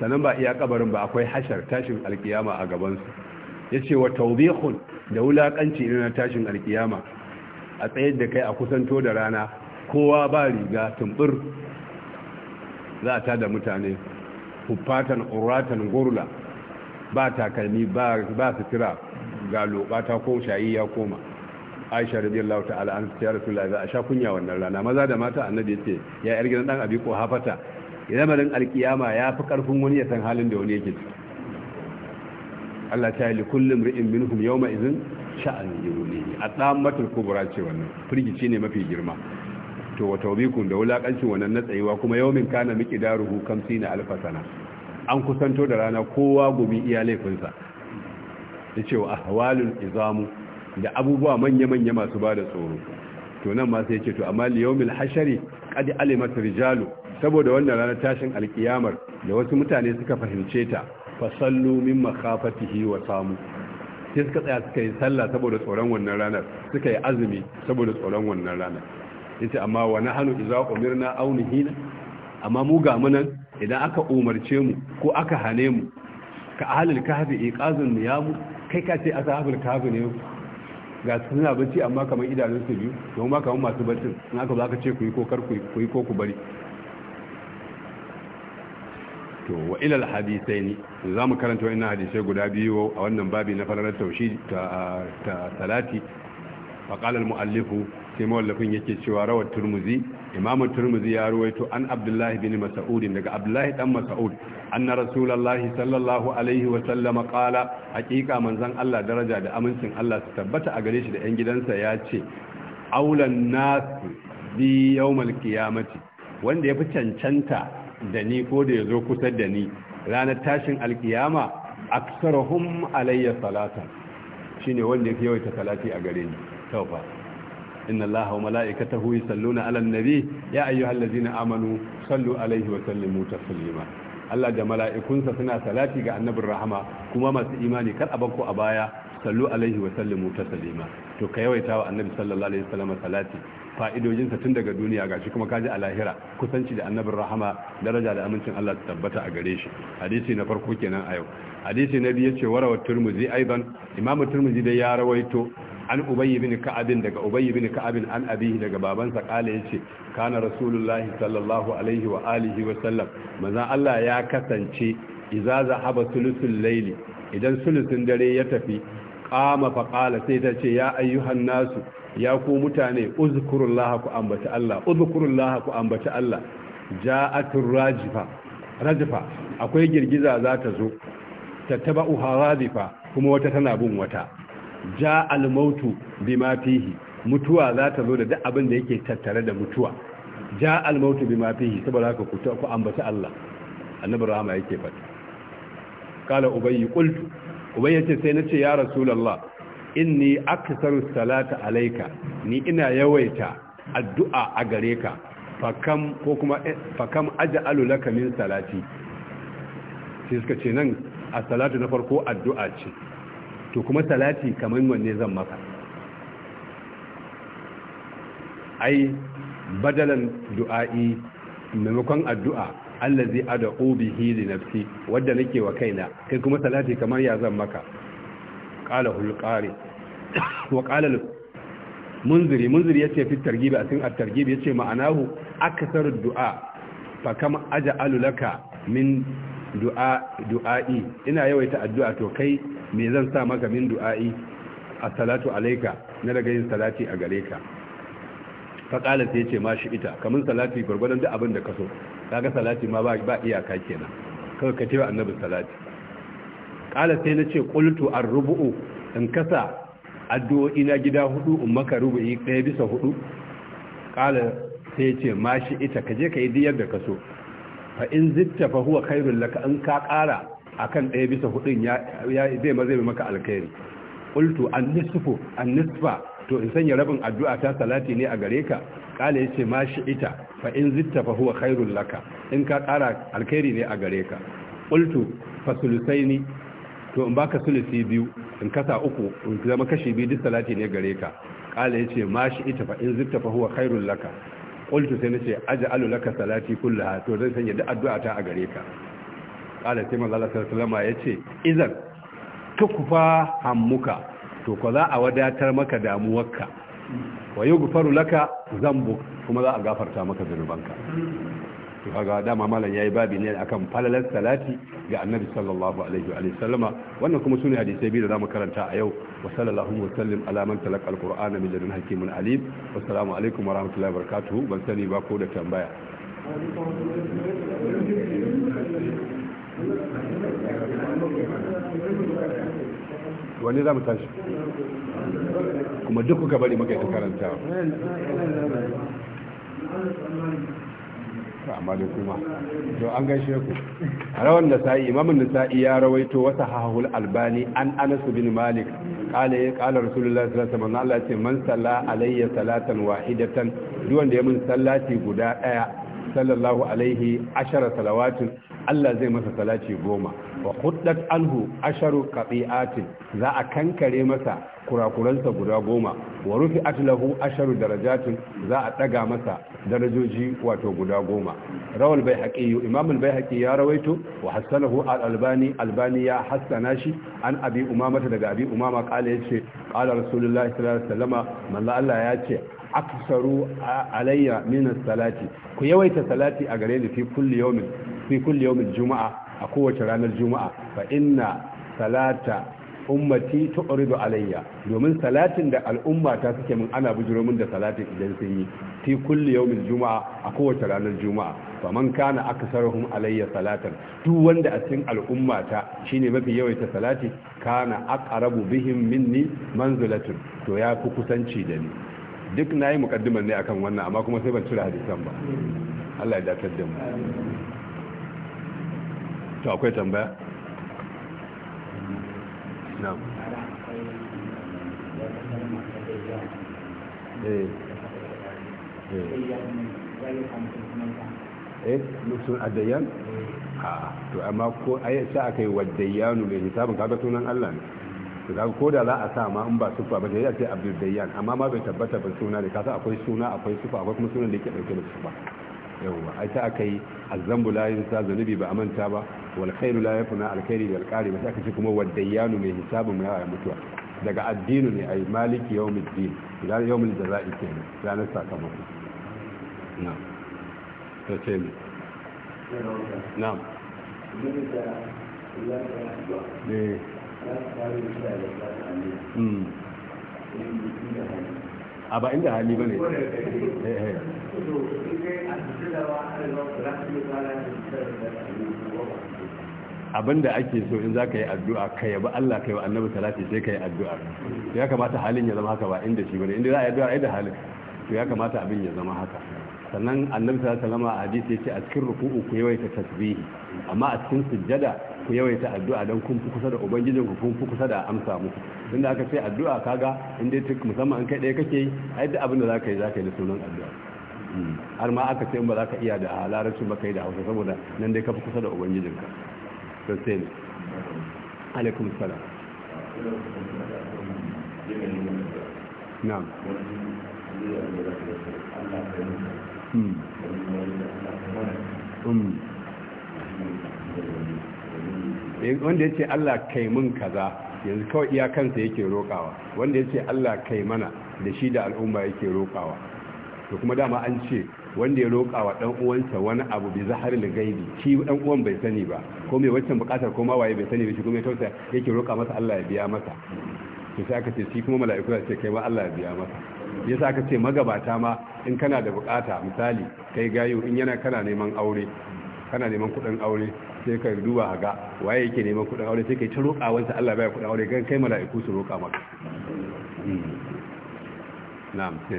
sannan ba iya kabarin ba akwai hashar tashin alkiyama a gabansu ya ce wa taubihun da wulaƙanci na tashin alkiyama a tsayar da kai a kusanto da rana kowa ba riga tumbur za ta da mutane hufatan uratan gurla ba takalmi ba sutura ga lobata ko shayi ya koma aisha radiyallahu ta'ala an ya rasulullahi za a sha kunya wannan rana maza da mata annabi yace ya yar gidan dan abi ko hafata idan alkiyama ya fi karfin wani ya san halin da wani yake ciki Allah ta yi kullum ri'in minhum yawma idhin a yuni matul kubra ce wannan firgici ne mafi girma to wa tawbikun da wulakancin wannan na tsayuwa kuma yawmin kana miqdaruhu 50 alf alfasana an kusanto da rana kowa gumi iya laifinsa yace wa ahwalul izamu da abubuwa manya-manya masu bada tsoro to nan ma sai yake to amma yawmil hashari qad alimat rijalu saboda wannan ranar tashin alkiyamar da wasu mutane suka fahimce ta fasallu min makafatihi wa samu sai suka tsaya suka yi sallah saboda tsoron wannan ranar suka yi azumi saboda tsoron wannan ranar yace amma wa hanu iza umirna aw nuhina amma mu ga nan idan aka umarce mu ko aka hane mu ka ahlul kahfi iqazun niyamu kai ka ce ashabul kahfi ne ga suna bacci amma kamar idanun su biyu don ma kamar masu bacci in aka zaka aka ce ku yi ko kar ku yi ko ku bari to wa ilal hadisai ne za karanta wannan hadisai guda biyu a wannan babi na falalar taushi ta salati a ƙalar mu'allifu sai mawallafin yake cewa rawar turmuzi imam turmuzi ya ruwaito an abdullahi bin mas'ud daga abdullahi dan mas'ud anna rasulullahi sallallahu alaihi wa sallama qala haqiqa manzon Allah daraja da amincin Allah su tabbata a gare shi da yan gidansa ya ce aulan nas bi yawmal qiyamati wanda yafi cancanta da ni ko da ya zo kusa da ni ranar tashin alkiyama aksarahum alayya salata shine wanda yake yawaita salati a gare ni tauba inna allaha wa mala'ikatahu yusalluna alal nabi ya ayyuhallazina amanu sallu alaihi wa sallimu taslima Allah da mala'ikunsa suna salati ga annabin rahama kuma masu imani kar a banko a baya sallu alaihi wa sallimu taslima to ka yawaita wa annabi sallallahu alaihi wasallam salati fa'idojinsa tun daga duniya gashi kuma kaji a lahira kusanci da annabin rahama daraja da amincin Allah ta tabbata a gare shi hadisi na farko kenan a yau hadisi na biyu yace warawa turmuzi aidan imam turmuzi da ya rawaito an ubayy bin ka'ab daga ubayy bin ka'ab an abihi daga babansa kale yace kana rasulullahi sallallahu alaihi wa alihi wa sallam maza Allah ya kasance idza zahaba sulusul layli idan sulusun dare ya tafi qama fa sai ta ce ya ayyuhan nasu ya ku mutane uzkurullah ku ambata Allah uzkurullah ku ambata Allah ja'atur rajifa rajifa akwai girgiza za ta zo tattaba'u harazifa kuma wata tana bin wata ja'al mautu bima fihi mutuwa za ta zo da duk abin da yake tattare da mutuwa ja'al mautu bima fihi saboda haka ku ku ambata Allah annabi rahama yake fata kala ubayyi qultu ubayyi ce sai nace ya rasulullah inni aksaru salata alayka ni ina yawaita addu'a a gare ka fakam ko kuma eh, fakam aj'alu laka min salati sai suka ce nan a salatu na farko addu'a ce to kuma salati kamar wanne zan maka ai badalan du'a'i maimakon addu'a allazi ad'u bihi li nafsi wanda nake wa kaina kai kuma salati kamar ya zan maka qala hulqari wa qala munziri munziri yace fi targhib asin at-targhib yace ma'anahu aktharu du'a fa kama aj'alu laka min du'a'i ina yawaita addu'a to kai me zan sa maka min du'a'i as-salatu alayka na daga yin salati a gare ka fa qala sai yace mashi ita kaman salati gurgurdan duk abin da kaso kaga salati ma ba iyaka kenan kawai ka annabi salati kala sai na ce kultu an rubuu in kasa addu'o'i na gida hudu in maka rubu'i ɗaya bisa hudu kala sai ce ma shi ita ka je ka yi diyar da ka so fa in zitta fa huwa khairul laka in ka kara akan ɗaya bisa hudu ya zai ma zai maka alkhairi qultu an-nisfu an-nisfa to in sanya rabin addu'a ta salati ne a gare ka kala yace ma shi ita fa in zitta fa huwa khairul laka in ka kara alkhairi ne a gare ka qultu fa sulusaini to in baka sulusi biyu in kasa uku in zama kashi biyu duk salati ne gare ka kala yace ma shi ita fa in zitta fa huwa khairul laka qultu sai nace alu laka salati kullaha to zan sanya duk addu'a ta a gare ka kala sai manzo Allah sallallahu alaihi yace idan tukfa hammuka to ko za a wadatar maka damuwarka wa yughfaru laka dhanbuk kuma za a gafarta maka zanubanka to kaga dama malam yayi babi ne akan falalar salati ga annabi sallallahu alaihi wa sallama wannan kuma sune hadisai biyu da zamu karanta a yau wa sallallahu wa sallim ala man talaqa alqur'ana min ladun hakimin alim wa assalamu alaikum wa rahmatullahi wa barakatuh ban sani ba ko da tambaya wani za mu tashi kuma duk kuka bari maka ita karanta amma da kuma to an gaishe ku rawan nasa'i imamun nasa'i ya rawaito wata hahul albani an anas bin malik qala ya qala rasulullahi sallallahu alaihi wasallam Allah ce man salla alayya salatan wahidatan duk wanda ya mun sallati guda daya sallallahu alaihi ashara salawatin Allah zai masa salaci goma wa huddat anhu asharu qati'atin za a kankare masa kurakuransa guda goma wa rufi'at lahu asharu darajatin za a daga masa darajoji wato guda goma rawal baihaqi imam al ya rawaito wa hasanahu al-albani albani ya hasana shi an abi umama daga abi umama kala yace qala rasulullahi sallallahu alaihi wasallama manzo Allah ya ce aksaru alayya min salati ku yawaita salati a gare ni fi kulli yawmin fi kulli yawmin juma'a a kowace ranar juma'a fa inna salata ummati tu'ridu alayya domin salatin da al'umma ta suke min ana bujuro min da salatin idan sun yi fi kulli yawmin juma'a a kowace ranar juma'a fa man kana aksaruhum alayya salatan duk wanda a cikin al'umma ta shine mafi yawaita salati kana aqrabu bihim minni manzilatun to ya fi kusanci da ni duk na yi mukaddimar ne akan wannan amma kuma sai ban cire hadisan ba Allah ya dakatar da mu to akwai tambaya na'am eh eh, eh mutum adayyan eh. a to amma ko ai sa aka yi wadayyanu mai hisabin kaga sunan Allah ne da ko da za a sa ma in ba sufa ba ya ce abdul dayyan amma ma bai tabbata ba suna da kasa akwai suna akwai sufa akwai kuma sunan da yake dauke da sufa yawwa ai ta akai azzambu la yunsa zanubi ba amanta ba wal khairu la yafna al khairi wal qari ba aka ce kuma waddayanu mai hisabun ya mutuwa daga addinu ne ai maliki yawmiddin ila yawmul jazaa'i kenan ranar sakamako na'am ta ce ni na'am ne a ba inda hali ba ne eh, eh. abinda ake so in za ka yi addu'a ka yabi Allah ka yi wa annabi talati sai ka yi addu'a ya kamata halin ya zama haka ba inda shi bane inda za a yi addu'a yi da halin to ya kamata abin ya zama haka sannan annabi sallallahu alaihi a hadisi ce a cikin ruku'u ku yawaita tasbihi amma a cikin sujjada ku yawaita addu'a don kun fi kusa da ubangijin ku kun fi kusa da amsa muku inda aka ce addu'a kaga in dai tuk musamman an kai ɗaya kake yi ai duk abin da ka yi ka yi da sunan addu'a hmm. har ma aka ce in ba ka iya da larabcin ba yi da hausa saboda nan dai ka fi kusa da ubangijin ka don sai ne alaikum salam na'am Mm. wanda ya ce Allah kai mun kaza yanzu kawai iyakansa yake roƙawa wanda ya ce Allah kai mana da shi da al'umma yake roƙawa to kuma dama an ce wanda ya roƙawa dan uwansa wani abu bi da gaibi shi dan uwan bai sani ba ko mai wacce bukatar ko ma waye bai sani ba shi kuma ya tausa yake roƙa masa Allah ya biya masa to sai aka ce shi kuma mala'iku za ce kai ma Allah ya biya masa yasa aka ce magabata ma in kana da bukata misali kai gayu in yana kana neman aure kana neman kudin aure sai ka duba a ga waye yake neman kudin aure sai ka yi ta roƙa wansa Allah bai kudin aure gan kai mala'iku su roƙa maka hmm. na'am sai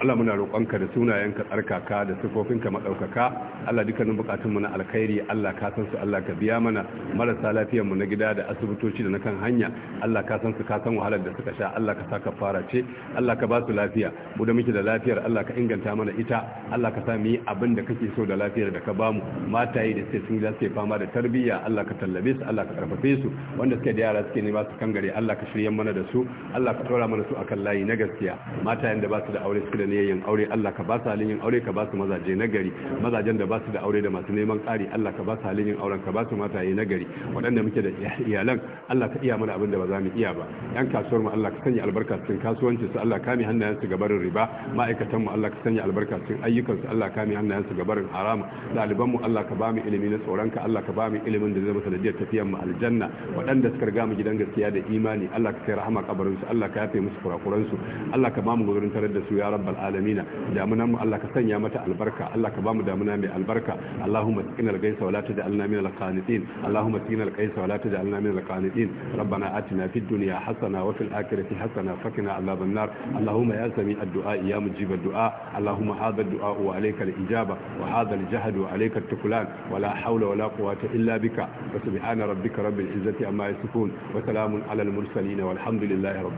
Allah muna roƙonka da sunayenka tsarkaka da sifofinka maɗaukaka Allah dukkanin buƙatunmu na alkhairi Allah ka san su Allah ka biya mana marasa lafiyarmu na gida da asibitoci da na kan hanya Allah ka san su ka san wahalar da suka sha Allah ka sa ka fara ce Allah ka ba su lafiya mu da muke da lafiyar Allah ka inganta mana ita Allah ka sa mu yi abin da kake so da lafiyar da ka ba mu mataye da suke sun suke fama da tarbiyya Allah ka tallabe su Allah ka karfafe su wanda suke da yara suke nema su kan gare Allah ka shirye mana da su Allah ka tsora mana su akan layi na gaskiya matayen da ba su da aure suke da ne yin aure Allah ka ba su halin yin aure ka ba su mazaje na gari mazajen da ba su da aure da masu neman ƙari Allah ka ba su halin yin auren ka ba su mataye na gari waɗanda muke da iyalan Allah ka iya mana abin da ba za mu iya ba yan kasuwar mu Allah ka sanya albarka cikin kasuwancin su Allah mi hannayen su gabarin riba ma'aikatan mu Allah ka sanya albarka cikin ayyukan su Allah kame hannayen su gabarin harama ɗaliban mu Allah ka ba mu ilimi na tsoron ka Allah ka ba mu ilimin da zai masa da tafiyan mu aljanna waɗanda suka riga mu gidan gaskiya da imani Allah ka kai rahama kabarin su Allah ka yafe musu kurakuran su Allah ka ba mu gurin tarar da su ya rabbal rabbal alamina damuna mu Allah ka sanya mata albarka Allah ka bamu damuna mai albarka Allahumma sakina al-gaisa wa la taj'alna min al-qanitin Allahumma sakina al-gaisa wa la taj'alna min al-qanitin hasana wa fil akhirati hasana wa qina adhaban nar ya sami ad-du'a ya mujib ad-du'a Allahumma hadha dua wa alayka ijaba wa hadha al-jahd wa alayka at-tuklan wa illa bika wa subhana rabbika rabbil izzati amma yasifun wa salamun ala al-mursalin والحمد